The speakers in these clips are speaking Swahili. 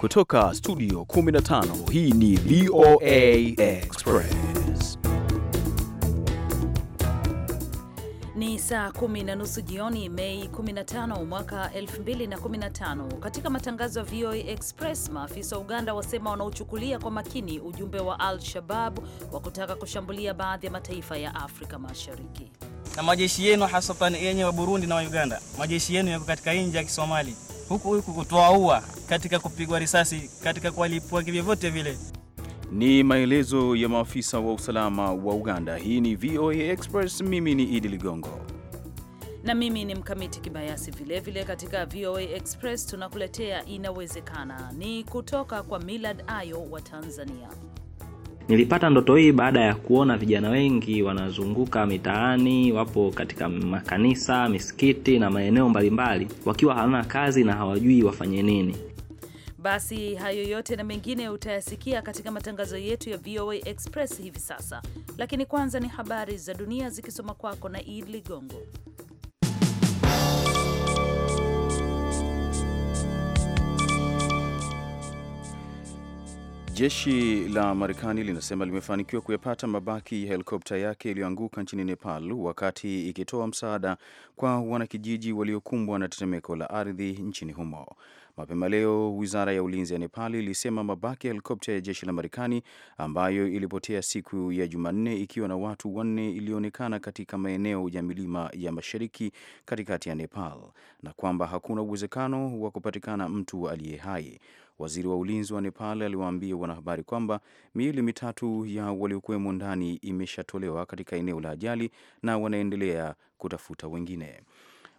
Kutoka studio 15 hii ni VOA Express. Ni saa kumi na nusu jioni, Mei 15 mwaka 2015. Katika matangazo ya VOA Express, maafisa wa Uganda wasema wanaochukulia kwa makini ujumbe wa Al-Shabab wa kutaka kushambulia baadhi ya mataifa ya Afrika Mashariki. Na majeshi yenu hasatan yenye wa Burundi na wa Uganda, majeshi yenu yako katika nje ya Kisomali huku huku kutoaua, katika kupigwa risasi, katika kuwalipua vyovyote vile. Ni maelezo ya maafisa wa usalama wa Uganda. Hii ni VOA Express, mimi ni Idi Ligongo na mimi ni Mkamiti Kibayasi. Vilevile katika VOA Express tunakuletea inawezekana, ni kutoka kwa Millard Ayo wa Tanzania. Nilipata ndoto hii baada ya kuona vijana wengi wanazunguka mitaani, wapo katika makanisa, misikiti na maeneo mbalimbali wakiwa hawana kazi na hawajui wafanye nini. Basi hayo yote na mengine utayasikia katika matangazo yetu ya VOA Express hivi sasa, lakini kwanza ni habari za dunia zikisoma kwako na Id Ligongo. Jeshi la Marekani linasema limefanikiwa kuyapata mabaki ya helikopta yake iliyoanguka nchini Nepal wakati ikitoa msaada kwa wanakijiji waliokumbwa na tetemeko la ardhi nchini humo. Mapema leo, wizara ya ulinzi ya Nepal ilisema mabaki ya helikopta ya jeshi la Marekani ambayo ilipotea siku ya Jumanne ikiwa na watu wanne ilionekana katika maeneo ya milima ya mashariki katikati ya Nepal na kwamba hakuna uwezekano wa kupatikana mtu aliye hai. Waziri wa ulinzi wa Nepal aliwaambia wanahabari kwamba miili mitatu ya waliokuwemo ndani imeshatolewa katika eneo la ajali na wanaendelea kutafuta wengine.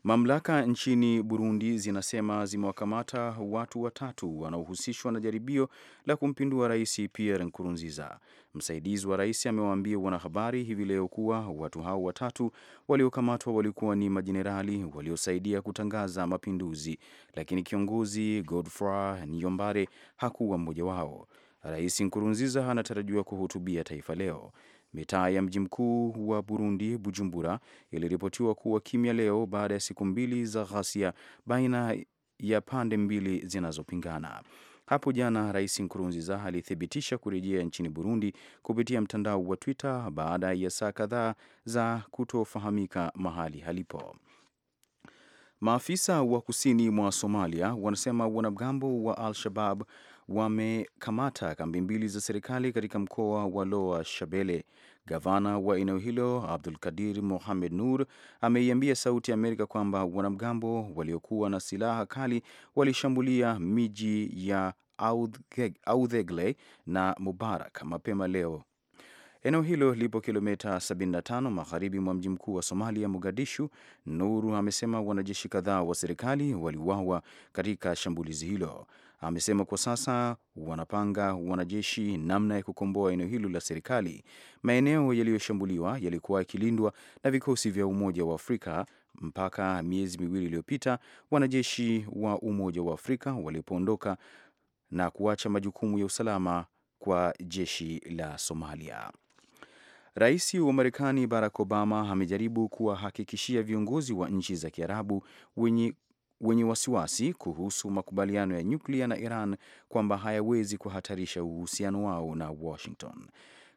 Mamlaka nchini Burundi zinasema zimewakamata watu watatu wanaohusishwa na jaribio la kumpindua rais Pierre Nkurunziza. Msaidizi wa rais amewaambia wanahabari hivi leo kuwa watu hao watatu waliokamatwa walikuwa ni majenerali waliosaidia kutangaza mapinduzi, lakini kiongozi Godfrey Niyombare hakuwa mmoja wao. Rais Nkurunziza anatarajiwa kuhutubia taifa leo. Mitaa ya mji mkuu wa Burundi, Bujumbura, iliripotiwa kuwa kimya leo baada ya siku mbili za ghasia baina ya pande mbili zinazopingana. Hapo jana Rais Nkurunziza alithibitisha kurejea nchini Burundi kupitia mtandao wa Twitter baada ya saa kadhaa za kutofahamika mahali halipo. Maafisa wa kusini mwa Somalia wanasema wanamgambo wa Al-Shabab wamekamata kambi mbili za serikali katika mkoa wa Loa Shabele. Gavana wa eneo hilo Abdul Kadir Mohamed Nur ameiambia Sauti ya Amerika kwamba wanamgambo waliokuwa na silaha kali walishambulia miji ya Audhegle na Mubarak mapema leo. Eneo hilo lipo kilomita 75 magharibi mwa mji mkuu wa Somalia, Mogadishu. Nuru amesema wanajeshi kadhaa wa serikali waliuawa katika shambulizi hilo amesema kwa sasa wanapanga wanajeshi namna ya kukomboa eneo hilo la serikali. Maeneo yaliyoshambuliwa yalikuwa yakilindwa na vikosi vya Umoja wa Afrika mpaka miezi miwili iliyopita, wanajeshi wa Umoja wa Afrika walipoondoka na kuacha majukumu ya usalama kwa jeshi la Somalia. Rais wa Marekani Barack Obama amejaribu kuwahakikishia viongozi wa nchi za Kiarabu wenye wenye wasiwasi kuhusu makubaliano ya nyuklia na Iran kwamba hayawezi kuhatarisha uhusiano wao na Washington.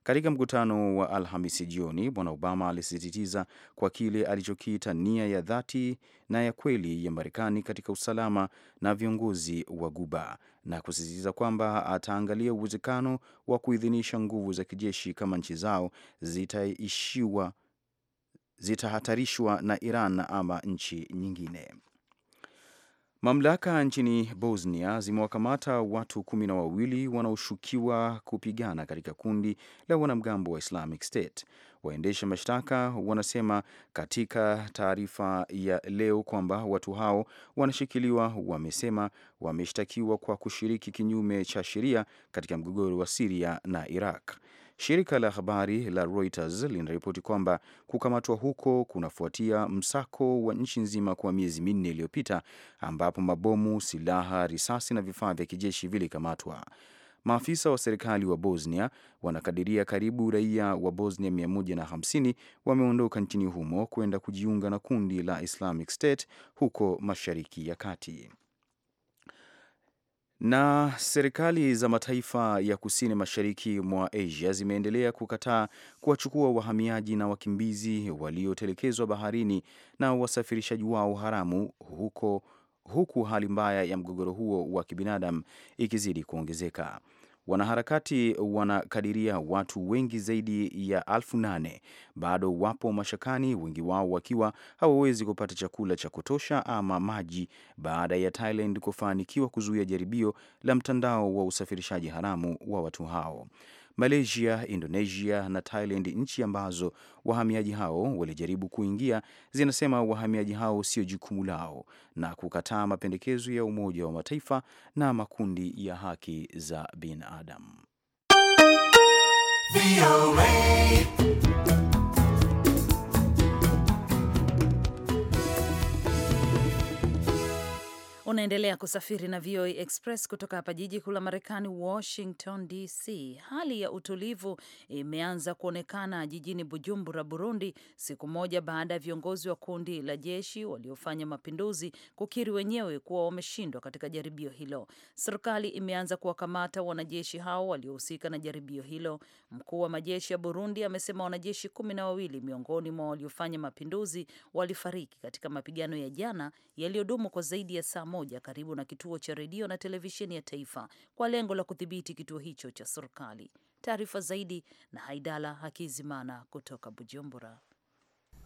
Katika mkutano wa Alhamisi jioni, Bwana Obama alisisitiza kwa kile alichokiita nia ya dhati na ya kweli ya Marekani katika usalama na viongozi wa Guba na kusisitiza kwamba ataangalia uwezekano wa kuidhinisha nguvu za kijeshi kama nchi zao zitaishiwa zitahatarishwa na Iran ama nchi nyingine. Mamlaka nchini Bosnia zimewakamata watu kumi na wawili wanaoshukiwa kupigana katika kundi la wanamgambo wa Islamic State. Waendesha mashtaka wanasema katika taarifa ya leo kwamba watu hao wanashikiliwa. Wamesema wameshtakiwa kwa kushiriki kinyume cha sheria katika mgogoro wa Siria na Iraq. Shirika la habari la Reuters linaripoti kwamba kukamatwa huko kunafuatia msako wa nchi nzima kwa miezi minne iliyopita, ambapo mabomu, silaha, risasi na vifaa vya kijeshi vilikamatwa. Maafisa wa serikali wa Bosnia wanakadiria karibu raia wa Bosnia 150 wameondoka nchini humo kwenda kujiunga na kundi la Islamic State huko Mashariki ya Kati. Na serikali za mataifa ya kusini mashariki mwa Asia zimeendelea kukataa kuwachukua wahamiaji na wakimbizi waliotelekezwa baharini na wasafirishaji wao haramu huko, huku hali mbaya ya mgogoro huo wa kibinadamu ikizidi kuongezeka. Wanaharakati wanakadiria watu wengi zaidi ya elfu nane bado wapo mashakani, wengi wao wakiwa hawawezi kupata chakula cha kutosha ama maji baada ya Thailand kufanikiwa kuzuia jaribio la mtandao wa usafirishaji haramu wa watu hao. Malaysia, Indonesia na Thailand, nchi ambazo wahamiaji hao walijaribu kuingia, zinasema wahamiaji hao sio jukumu lao na kukataa mapendekezo ya Umoja wa Mataifa na makundi ya haki za binadamu. Unaendelea kusafiri na VOA Express kutoka hapa jiji kuu la Marekani, Washington DC. Hali ya utulivu imeanza kuonekana jijini Bujumbura, Burundi, siku moja baada ya viongozi wa kundi la jeshi waliofanya mapinduzi kukiri wenyewe kuwa wameshindwa katika jaribio hilo. Serikali imeanza kuwakamata wanajeshi hao waliohusika na jaribio hilo. Mkuu wa majeshi ya Burundi amesema wanajeshi kumi na wawili miongoni mwa waliofanya mapinduzi walifariki katika mapigano ya jana yaliyodumu kwa zaidi ya saa moja karibu na kituo cha redio na televisheni ya taifa kwa lengo la kudhibiti kituo hicho cha serikali. Taarifa zaidi na Haidala Hakizimana kutoka Bujumbura.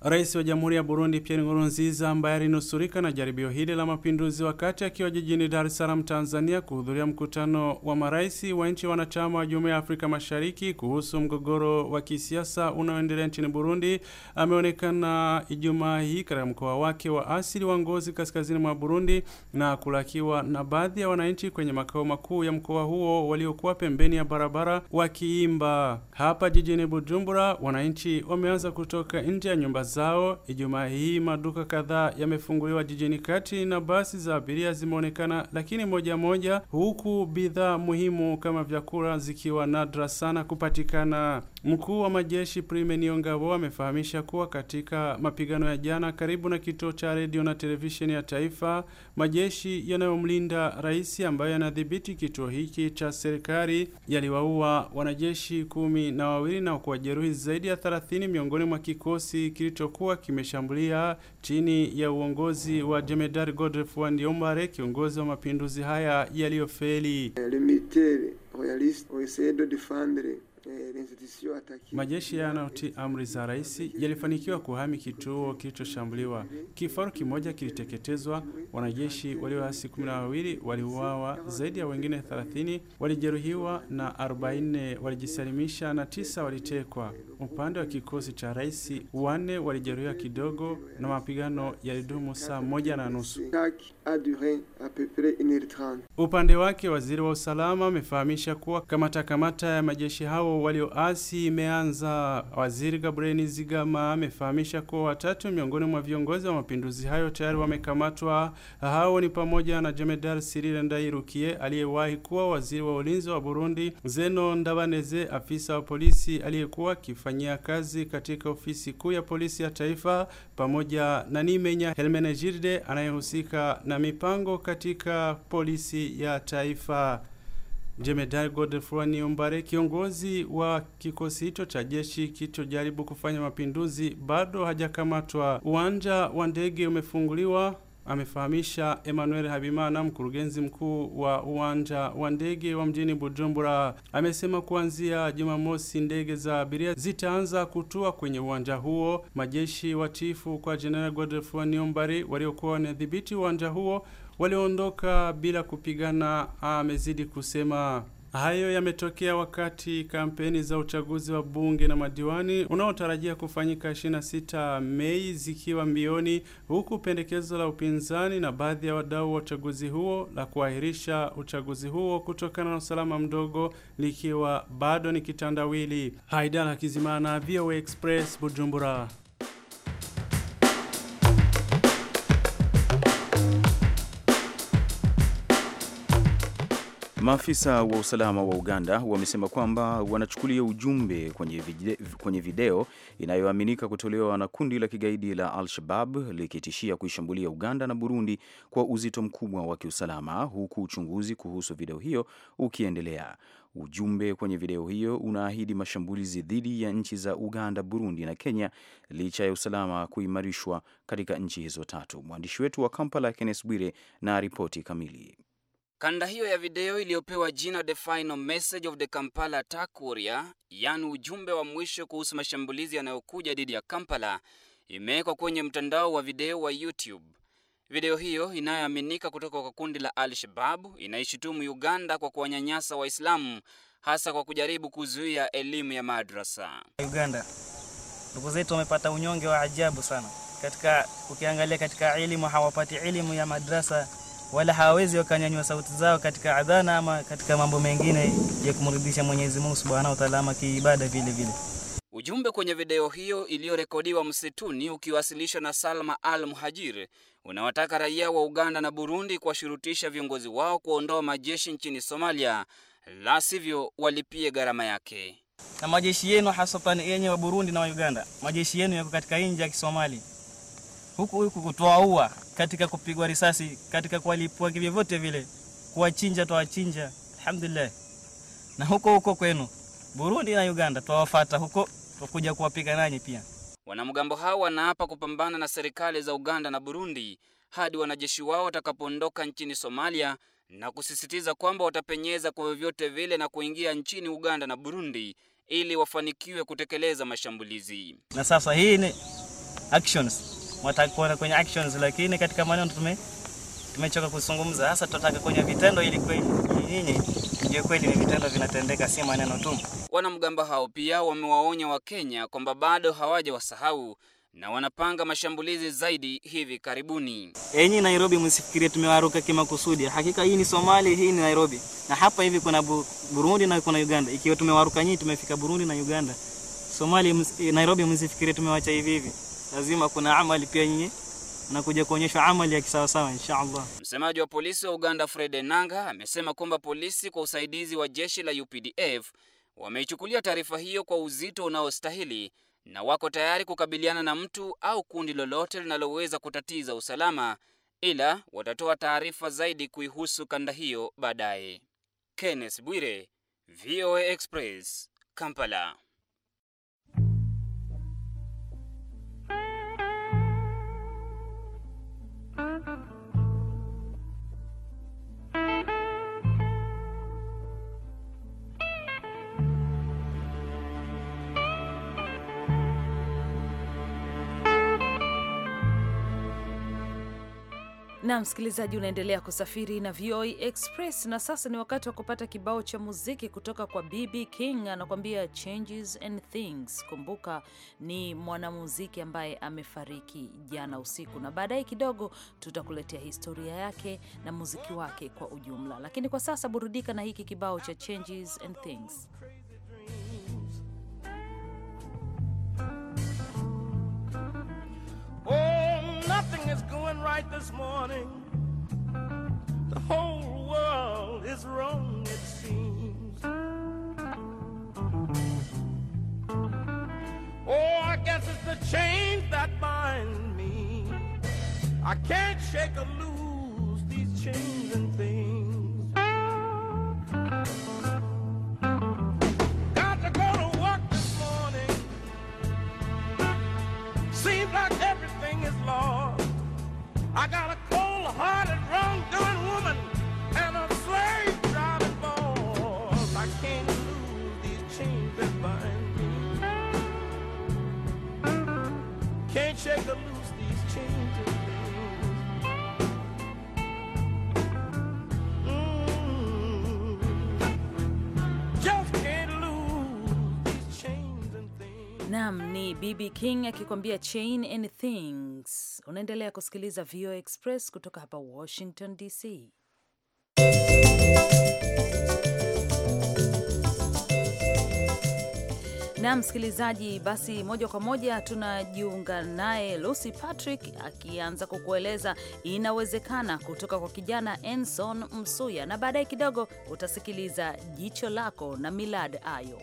Rais wa Jamhuri ya Burundi Pierre Nkurunziza ambaye alinusurika na jaribio hili la mapinduzi wakati akiwa jijini Dar es Salaam, Tanzania kuhudhuria mkutano wa marais wa nchi wanachama wa Jumuiya ya Afrika Mashariki kuhusu mgogoro wa kisiasa unaoendelea nchini Burundi, ameonekana Ijumaa hii katika mkoa wake wa asili wa Ngozi kaskazini mwa Burundi na kulakiwa na baadhi ya wananchi kwenye makao makuu ya mkoa huo waliokuwa pembeni ya barabara wakiimba. Hapa jijini Bujumbura, wananchi wameanza kutoka nje ya nyumba zao. Ijumaa hii maduka kadhaa yamefunguliwa jijini kati na basi za abiria zimeonekana, lakini moja moja, huku bidhaa muhimu kama vyakula zikiwa nadra sana kupatikana. Mkuu wa majeshi Prime Niyongabo amefahamisha kuwa katika mapigano ya jana karibu na kituo cha redio na televisheni ya taifa, majeshi yanayomlinda rais ambayo yanadhibiti kituo hiki cha serikali yaliwaua wanajeshi kumi na wawili na kuwajeruhi zaidi ya thelathini miongoni mwa kikosi kilicho kilichokuwa kimeshambulia chini ya uongozi wa Jemedari Godref Fuandi kiongozi wa mapinduzi haya yaliyofeli. Eh, majeshi yanayotii amri za rais yalifanikiwa kuhami kituo kilichoshambuliwa. Kifaru kimoja kiliteketezwa, wanajeshi walioasi kumi na wawili waliuawa, zaidi ya wengine 30 walijeruhiwa na 40 walijisalimisha na tisa walitekwa. Upande wa kikosi cha rais, wanne walijeruhiwa kidogo, na mapigano yalidumu saa moja na nusu. Upande wake, waziri wa usalama amefahamisha kuwa kamata kamata ya majeshi hao walioasi imeanza. Waziri Gabriel Nizigama amefahamisha kuwa watatu miongoni mwa viongozi wa mapinduzi hayo tayari wamekamatwa. Hao ni pamoja na Jemedar Cyril rukie aliyewahi kuwa waziri wa ulinzi wa Burundi, Zeno Ndabaneze afisa wa polisi aliyekuwa akifanyia kazi katika ofisi kuu ya polisi ya taifa, pamoja na Nimenya Helmenegilde anayehusika na mipango katika polisi ya taifa. Jemedari Godefroy Niyombare, kiongozi wa kikosi hicho cha jeshi kilichojaribu kufanya mapinduzi, bado hajakamatwa. Uwanja wa ndege umefunguliwa, amefahamisha Emmanuel Habimana, mkurugenzi mkuu wa uwanja wa ndege wa mjini Bujumbura. Amesema kuanzia Jumamosi ndege za abiria zitaanza kutua kwenye uwanja huo. Majeshi watiifu kwa General Godefroy Niyombare waliokuwa wanadhibiti uwanja huo waliondoka bila kupigana, amezidi kusema. Hayo yametokea wakati kampeni za uchaguzi wa bunge na madiwani unaotarajia kufanyika 26 Mei zikiwa mbioni, huku pendekezo la upinzani na baadhi ya wadau wa uchaguzi huo la kuahirisha uchaguzi huo kutokana na usalama mdogo likiwa bado ni kitandawili. Haidara Kizimana, VOA Express, Bujumbura. Maafisa wa usalama wa Uganda wamesema kwamba wanachukulia ujumbe kwenye video, kwenye video inayoaminika kutolewa na kundi la kigaidi la Al-Shabab likitishia kuishambulia Uganda na Burundi kwa uzito mkubwa wa kiusalama huku uchunguzi kuhusu video hiyo ukiendelea. Ujumbe kwenye video hiyo unaahidi mashambulizi dhidi ya nchi za Uganda, Burundi na Kenya licha ya usalama kuimarishwa katika nchi hizo tatu. Mwandishi wetu wa Kampala Kenneth Bwire na ripoti kamili. Kanda hiyo ya video iliyopewa jina The Final Message of the Kampala Attack Warrior, yani ujumbe wa mwisho kuhusu mashambulizi yanayokuja dhidi ya Kampala, imewekwa kwenye mtandao wa video wa YouTube. Video hiyo inayoaminika kutoka kwa kundi la al shabab inaishutumu Uganda kwa kuwanyanyasa Waislamu hasa kwa kujaribu kuzuia elimu ya madrasa. Uganda, ndugu zetu wamepata unyonge wa ajabu sana. Katika ukiangalia katika elimu hawapati elimu ya madrasa wala hawawezi wakanyanyua sauti zao katika adhana ama katika mambo mengine ya kumridhisha Mwenyezi Mungu Subhanahu wa Ta'ala kiibada vile vile. Ujumbe kwenye video hiyo iliyorekodiwa msituni ukiwasilishwa na Salma Al Muhajir unawataka raia wa Uganda na Burundi kuwashurutisha viongozi wao kuondoa majeshi nchini Somalia, la sivyo walipie gharama yake. Na majeshi yenu hasatan yenye wa Burundi na wa Uganda, majeshi yenu yako katika nje ya Kisomali, huku huku kutoaua katika kupigwa risasi, katika kuwalipua vyovyote vile, kuwachinja twawachinja, alhamdulillah. Na huko huko kwenu Burundi na Uganda twawafata huko, twakuja kuwapiga nanyi pia. Wanamgambo hao wanaapa kupambana na serikali za Uganda na Burundi hadi wanajeshi wao watakapoondoka nchini Somalia na kusisitiza kwamba watapenyeza kwa vyovyote vile na kuingia nchini Uganda na Burundi ili wafanikiwe kutekeleza mashambulizi. Na sasa hii ni actions mwatakuona kuona kwenye actions, lakini katika maneno tume tumechoka kuzungumza. Hasa tunataka kwenye vitendo, ili kweli nyinyi ndio kweli ni vitendo vinatendeka, si maneno tu. Wanamgambo hao pia wamewaonya Wakenya kwamba bado wasahau na wanapanga mashambulizi zaidi hivi karibuni. Enyi Nairobi, msifikirie tumewaruka kimakusudi. Hakika hii ni Somalia, hii ni Nairobi, na hapa hivi kuna Burundi na kuna Uganda. Ikiwa tumewaruka nyinyi, tumefika Burundi na Uganda. Somalia, Nairobi, msifikirie tumewacha hivi hivi lazima kuna amali pia nyinyi nakuja kuonyeshwa amali ya kisawasawa inshaallah. Msemaji wa polisi wa Uganda Fred Enanga amesema kwamba polisi kwa usaidizi wa jeshi la UPDF wameichukulia taarifa hiyo kwa uzito unaostahili na wako tayari kukabiliana na mtu au kundi lolote linaloweza kutatiza usalama, ila watatoa taarifa zaidi kuihusu kanda hiyo baadaye. Kenneth Bwire, VOA Express, Kampala. na msikilizaji, unaendelea kusafiri na VOA e Express na sasa ni wakati wa kupata kibao cha muziki kutoka kwa BB King, anakuambia Changes and Things. Kumbuka ni mwanamuziki ambaye amefariki jana usiku, na baadaye kidogo tutakuletea historia yake na muziki wake kwa ujumla, lakini kwa sasa burudika na hiki kibao cha Changes and Things. is going right this morning. The whole world is wrong, it seems. Oh, I guess it's the chains that bind me. I can't shake or lose these chains and things. I got a cold-hearted, wrong-doing woman and a slave driving boss. I can't lose these chains that bind me. Can't shake or loose these chains Nam mm. ni BB King akikwambia chain and things. Unaendelea kusikiliza VOA Express kutoka hapa Washington DC. na msikilizaji, basi moja kwa moja tunajiunga naye Lucy Patrick akianza kukueleza inawezekana, kutoka kwa kijana Enson Msuya, na baadaye kidogo utasikiliza jicho lako na Milad Ayo.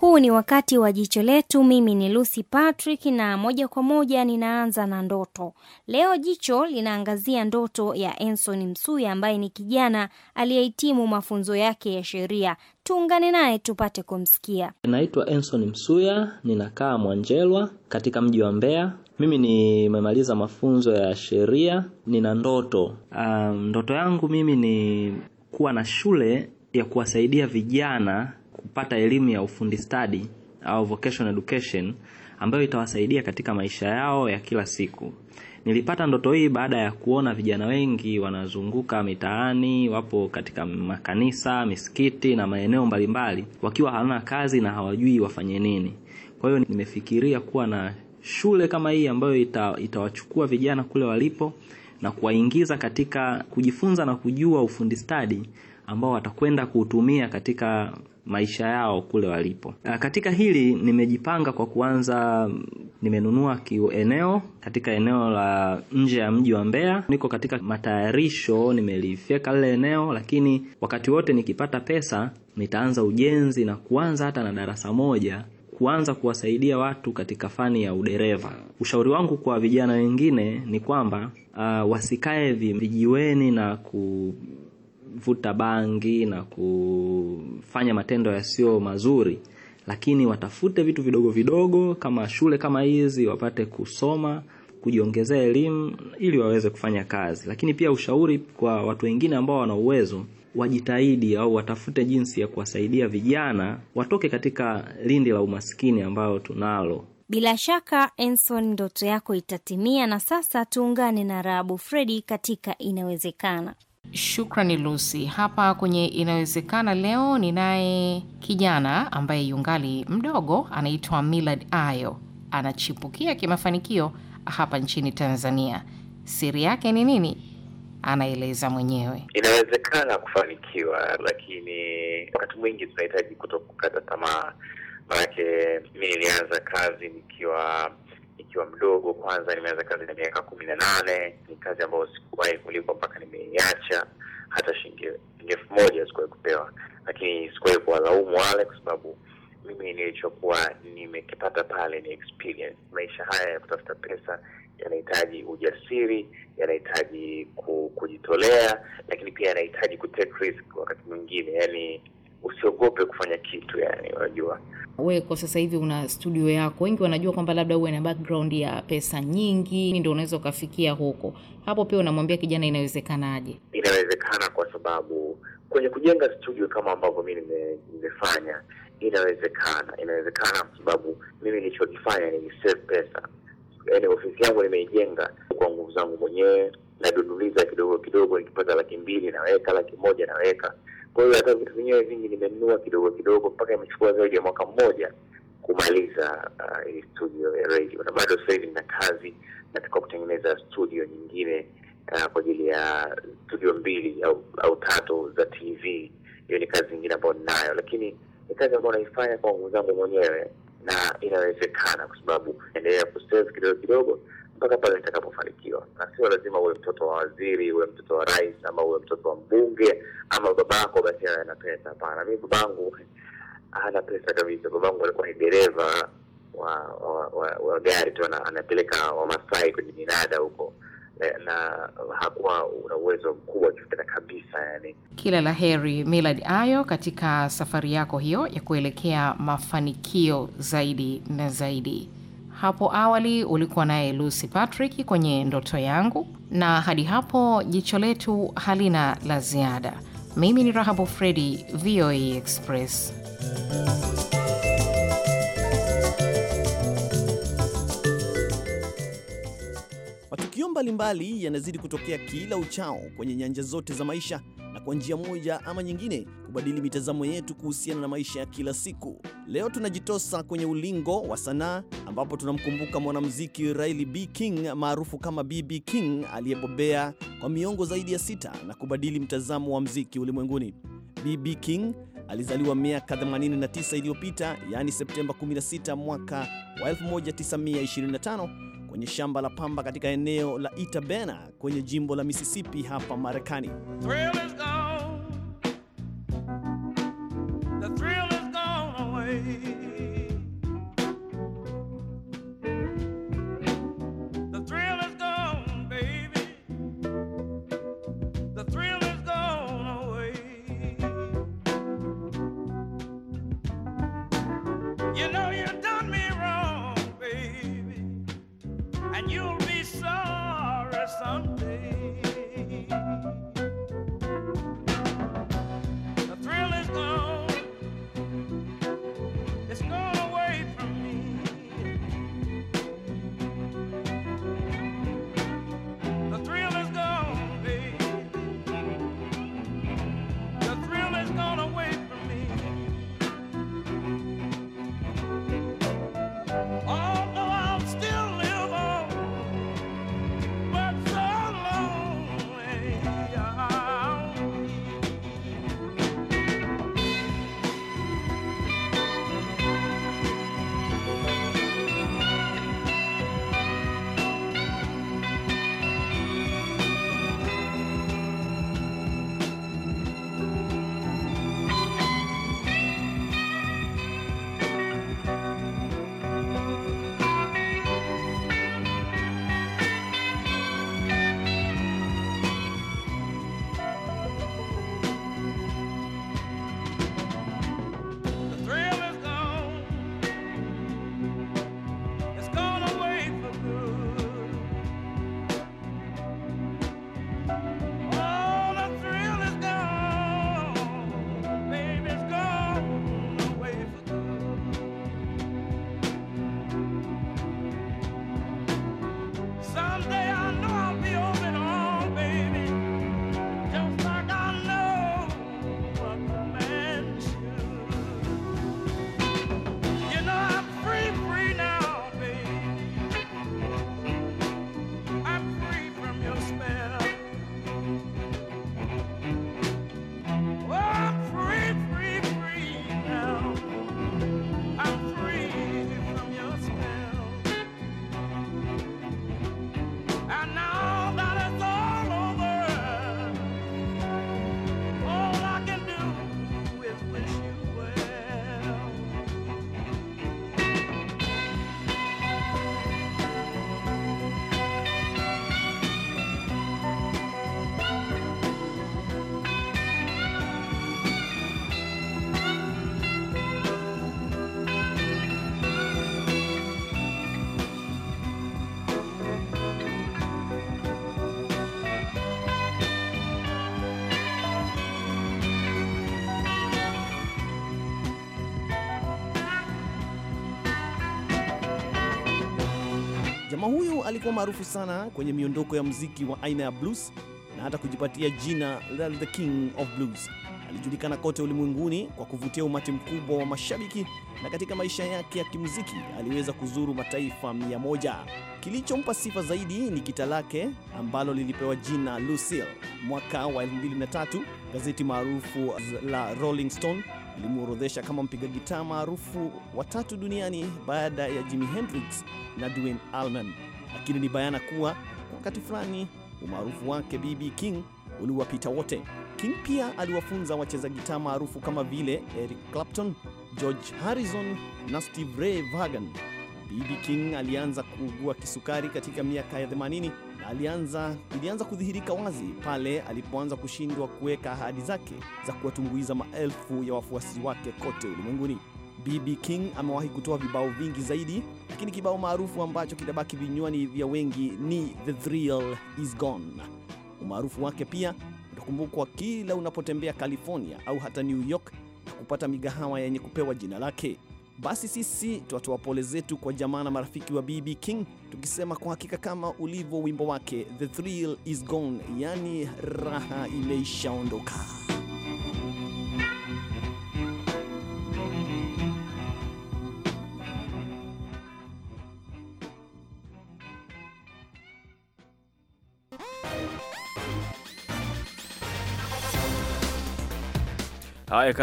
Huu ni wakati wa jicho letu. Mimi ni Lucy Patrick na moja kwa moja ninaanza na ndoto. Leo jicho linaangazia ndoto ya Enson Msuya ambaye ni kijana aliyehitimu mafunzo yake ya sheria. Tuungane naye tupate kumsikia. Naitwa Enson Msuya, ninakaa Mwanjelwa katika mji wa Mbeya. Mimi nimemaliza mafunzo ya sheria, nina ndoto. Um, ndoto yangu mimi ni kuwa na shule ya kuwasaidia vijana kupata elimu ya ufundi stadi au vocational education ambayo itawasaidia katika maisha yao ya kila siku. Nilipata ndoto hii baada ya kuona vijana wengi wanazunguka mitaani, wapo katika makanisa, misikiti na maeneo mbalimbali wakiwa hawana kazi na hawajui wafanye nini. Kwa hiyo nimefikiria kuwa na shule kama hii ambayo ita, itawachukua vijana kule walipo na kuwaingiza katika kujifunza na kujua ufundi stadi ambao watakwenda kuutumia katika maisha yao kule walipo. Ah, katika hili nimejipanga kwa kuanza, nimenunua kieneo katika eneo la nje ya mji wa Mbeya. Niko katika matayarisho, nimelifyeka lile eneo, lakini wakati wote nikipata pesa nitaanza ujenzi na kuanza hata na darasa moja kuanza kuwasaidia watu katika fani ya udereva. Ushauri wangu kwa vijana wengine ni kwamba uh, wasikae vijiweni na ku kuvuta bangi na kufanya matendo yasiyo mazuri lakini watafute vitu vidogo vidogo kama shule kama hizi wapate kusoma kujiongezea elimu ili waweze kufanya kazi lakini pia ushauri kwa watu wengine ambao wana uwezo wajitahidi au watafute jinsi ya kuwasaidia vijana watoke katika lindi la umaskini ambayo tunalo bila shaka Enson, ndoto yako itatimia, na sasa tuungane na rabu Fredi katika Inawezekana. Shukrani Lucy. Hapa kwenye inawezekana leo ninaye kijana ambaye yungali mdogo, anaitwa Millard Ayo, anachipukia kimafanikio hapa nchini Tanzania. Siri yake ni nini? Anaeleza mwenyewe. Inawezekana kufanikiwa, lakini wakati mwingi tunahitaji kuto kukata tamaa. Manake mi nilianza kazi nikiwa nikiwa mdogo. Kwanza nimeanza kazi na miaka kumi na nane. Ni kazi ambayo sikuwahi kulipwa mpaka nimeiacha. Hata shilingi elfu moja sikuwahi kupewa, lakini sikuwahi kuwalaumu wale, kwa sababu mimi nilichokuwa nimekipata pale ni experience. Maisha haya ya kutafuta pesa yanahitaji ujasiri, yanahitaji kujitolea, lakini pia yanahitaji ku risk wakati mwingine, yani usiogope kufanya kitu, yani unajua we kwa sasa hivi una studio yako. Wengi wanajua kwamba labda uwe na background ya pesa nyingi ndio unaweza ukafikia huko. Hapo pia unamwambia kijana inawezekanaje? Inawezekana kwa sababu kwenye kujenga studio kama ambavyo mimi nimefanya inawezekana, inawezekana kwa sababu mimi nilichokifanya ni save pesa, yaani ofisi yangu nimeijenga kwa nguvu zangu mwenyewe, naduduliza kidogo kidogo, nikipata laki mbili naweka, laki moja naweka kwa hiyo hata vitu vyenyewe vingi nimenunua kidogo kidogo, mpaka imechukua zaidi ya mwaka mmoja kumaliza uh, hii studio ya radio, na bado sasa hivi nina kazi, nataka kutengeneza studio nyingine uh, kwa ajili ya studio mbili au, au tatu za TV. Hiyo ni kazi nyingine ambayo ninayo, lakini ni kazi ambayo naifanya kwa nguvu zangu mwenyewe na inawezekana, kwa sababu endelea kuserve kidogo kidogo mpaka pale nitakapofanikiwa, na sio lazima uwe mtoto wa waziri, uwe mtoto wa rais, ama uwe mtoto wa mbunge, ama babako basi ana pesa. Hapana, mimi babangu hana pesa kabisa. Babangu alikuwa ni dereva wa wa, wa, wa gari tu, anapeleka Wamasai kwenye minada huko na hakuwa una uwezo mkubwa kifedha kabisa. Yani, kila la heri milad Ayo katika safari yako hiyo ya kuelekea mafanikio zaidi na zaidi. Hapo awali ulikuwa naye Lucy Patrick kwenye Ndoto Yangu, na hadi hapo jicho letu halina la ziada. Mimi ni Rahabu Fredi, VOA Express. Matukio mbalimbali yanazidi kutokea kila uchao kwenye nyanja zote za maisha kwa njia moja ama nyingine kubadili mitazamo yetu kuhusiana na maisha ya kila siku. Leo tunajitosa kwenye ulingo wa sanaa ambapo tunamkumbuka mwanamuziki Riley B. King maarufu kama BB King aliyebobea kwa miongo zaidi ya sita na kubadili mtazamo wa mziki ulimwenguni. BB King alizaliwa miaka 89 iliyopita, yaani Septemba 16 mwaka wa 1925 kwenye shamba la pamba katika eneo la Itabena kwenye jimbo la Mississippi hapa Marekani. alikuwa maarufu sana kwenye miondoko ya muziki wa aina ya blues na hata kujipatia jina la The King of Blues. Alijulikana kote ulimwenguni kwa kuvutia umati mkubwa wa mashabiki na katika maisha yake ya kimuziki aliweza kuzuru mataifa mia moja. Kilichompa sifa zaidi ni gita lake ambalo lilipewa jina Lucille. Mwaka wa 2003 gazeti maarufu la Rolling Stone ilimworodhesha kama mpiga gitaa maarufu watatu duniani baada ya Jimi Hendrix na Duane Allman lakini ni bayana kuwa wakati fulani umaarufu wake BB King uliwapita wote. King pia aliwafunza wacheza gitaa maarufu kama vile Eric Clapton, George Harrison na Steve Ray Vaughan. BB King alianza kuugua kisukari katika miaka ya 80 na alianza, ilianza kudhihirika wazi pale alipoanza kushindwa kuweka ahadi zake za kuwatumbuiza maelfu ya wafuasi wake kote ulimwenguni. BB King amewahi kutoa vibao vingi zaidi, lakini kibao maarufu ambacho kinabaki vinywani vya wengi ni The Thrill Is Gone. Umaarufu wake pia utakumbukwa kila unapotembea California au hata New York na kupata migahawa yenye kupewa jina lake. Basi sisi twatoa pole zetu kwa jamaa na marafiki wa BB King, tukisema kwa hakika kama ulivyo wimbo wake The Thrill Is Gone, yani raha imeishaondoka. Haya,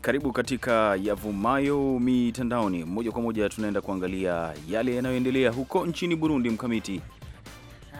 karibu katika yavumayo mitandaoni. Moja kwa moja tunaenda kuangalia yale yanayoendelea huko nchini Burundi. Mkamiti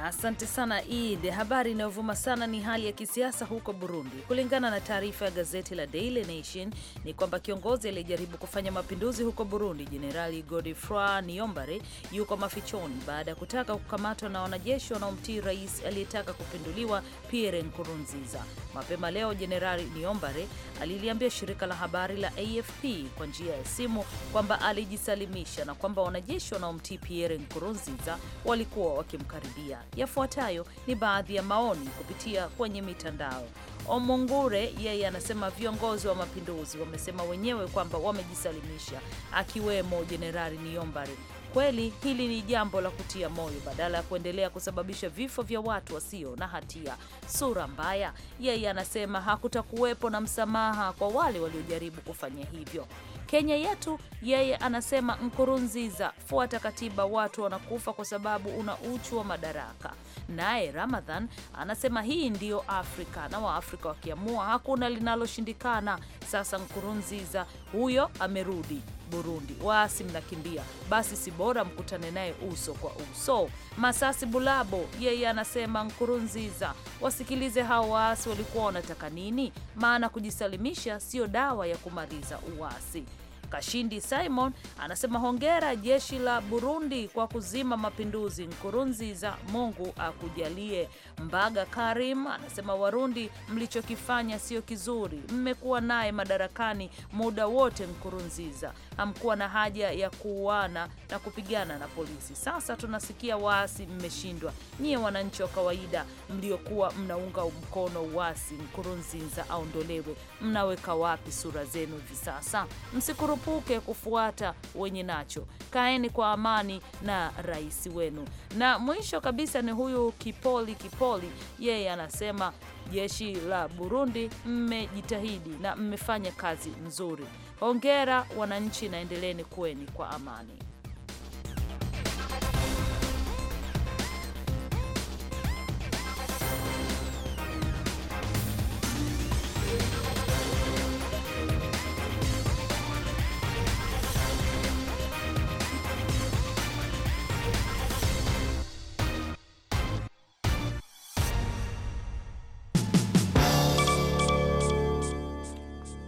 Asante sana Id. Habari inayovuma sana ni hali ya kisiasa huko Burundi. Kulingana na taarifa ya gazeti la Daily Nation ni kwamba kiongozi aliyejaribu kufanya mapinduzi huko Burundi, Jenerali Godefroid niombare yuko mafichoni baada ya kutaka kukamatwa na wanajeshi wanaomtii rais aliyetaka kupinduliwa Pierre Nkurunziza. Mapema leo, Jenerali niombare aliliambia shirika la habari la AFP kwa njia ya simu kwamba alijisalimisha na kwamba wanajeshi wanaomtii Pierre Nkurunziza walikuwa wakimkaribia. Yafuatayo ni baadhi ya maoni kupitia kwenye mitandao. Omungure yeye anasema viongozi wa mapinduzi wamesema wenyewe kwamba wamejisalimisha, akiwemo Jenerali Niyombare. Kweli hili ni jambo la kutia moyo, badala ya kuendelea kusababisha vifo vya watu wasio na hatia. Sura mbaya yeye anasema hakutakuwepo na msamaha kwa wale waliojaribu kufanya hivyo. Kenya yetu, yeye anasema Nkurunziza, fuata katiba, watu wanakufa kwa sababu una uchu wa madaraka. Naye Ramadhan anasema hii ndiyo Afrika na Waafrika wakiamua hakuna linaloshindikana. Sasa Nkurunziza huyo amerudi Burundi, waasi mnakimbia, basi si bora mkutane naye uso kwa uso. Masasi Bulabo yeye anasema Nkurunziza, wasikilize hao waasi walikuwa wanataka nini, maana kujisalimisha sio dawa ya kumaliza uasi. Kashindi Simon anasema hongera jeshi la Burundi kwa kuzima mapinduzi. Nkurunziza, Mungu akujalie. Mbaga Karim anasema Warundi, mlichokifanya sio kizuri, mmekuwa naye madarakani muda wote. Nkurunziza, hamkuwa na haja ya kuuana na kupigana na polisi. Sasa tunasikia waasi mmeshindwa, nyie wananchi wa kawaida mliokuwa mnaunga mkono uasi. Nkurunziza aondolewe, mnaweka wapi sura zenu hivi sasa? Msikuru msiepuke kufuata wenye nacho, kaeni kwa amani na rais wenu. Na mwisho kabisa ni huyu Kipoli Kipoli, yeye anasema jeshi la Burundi, mmejitahidi na mmefanya kazi nzuri. Hongera wananchi, naendeleni kweni kwa amani.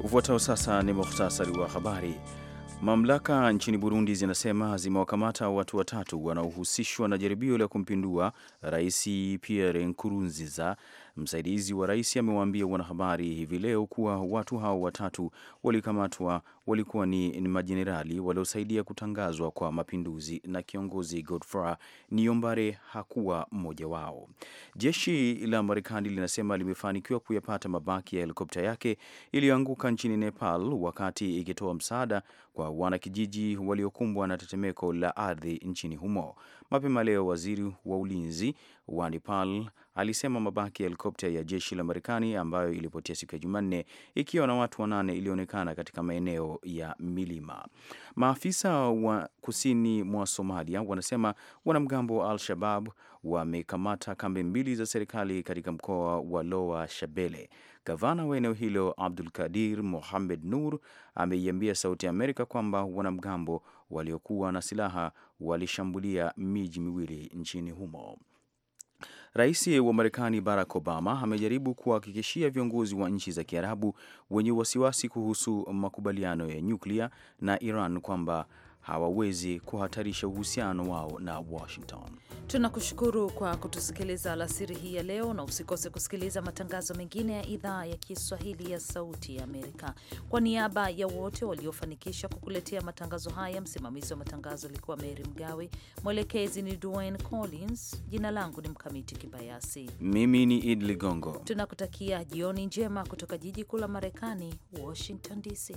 Ufuatao sasa ni muhtasari wa habari. Mamlaka nchini Burundi zinasema zimewakamata watu watatu wanaohusishwa na jaribio la kumpindua rais Pierre Nkurunziza Msaidizi wa rais amewaambia wanahabari hivi leo kuwa watu hao watatu walikamatwa walikuwa ni majenerali waliosaidia kutangazwa kwa mapinduzi na kiongozi Godfrey Niyombare hakuwa mmoja wao. Jeshi la Marekani linasema limefanikiwa kuyapata mabaki ya helikopta yake iliyoanguka nchini Nepal wakati ikitoa msaada kwa wanakijiji waliokumbwa na tetemeko la ardhi nchini humo. Mapema leo waziri wa ulinzi wa Nepal alisema mabaki ya helikopta ya jeshi la Marekani ambayo ilipotea siku ya Jumanne ikiwa na watu wanane ilionekana katika maeneo ya milima. Maafisa wa kusini mwa Somalia wanasema wanamgambo wa Al-Shabab wamekamata kambi mbili za serikali katika mkoa wa Loa Shabele. Gavana wa eneo hilo Abdul Kadir Mohamed Nur ameiambia Sauti ya Amerika kwamba wanamgambo waliokuwa na silaha walishambulia miji miwili nchini humo. Rais wa Marekani Barack Obama amejaribu kuwahakikishia viongozi wa nchi za Kiarabu wenye wasiwasi kuhusu makubaliano ya nyuklia na Iran kwamba hawawezi kuhatarisha uhusiano wao na Washington. Tunakushukuru kwa kutusikiliza alasiri hii ya leo, na usikose kusikiliza matangazo mengine ya idhaa ya Kiswahili ya Sauti ya Amerika. Kwa niaba ya wote waliofanikisha kukuletea matangazo haya, msimamizi wa matangazo alikuwa Mary Mgawe, mwelekezi ni Dwayne Collins, jina langu ni Mkamiti Kibayasi, mimi ni Id Ligongo. Tunakutakia jioni njema kutoka jiji kuu la Marekani, Washington DC.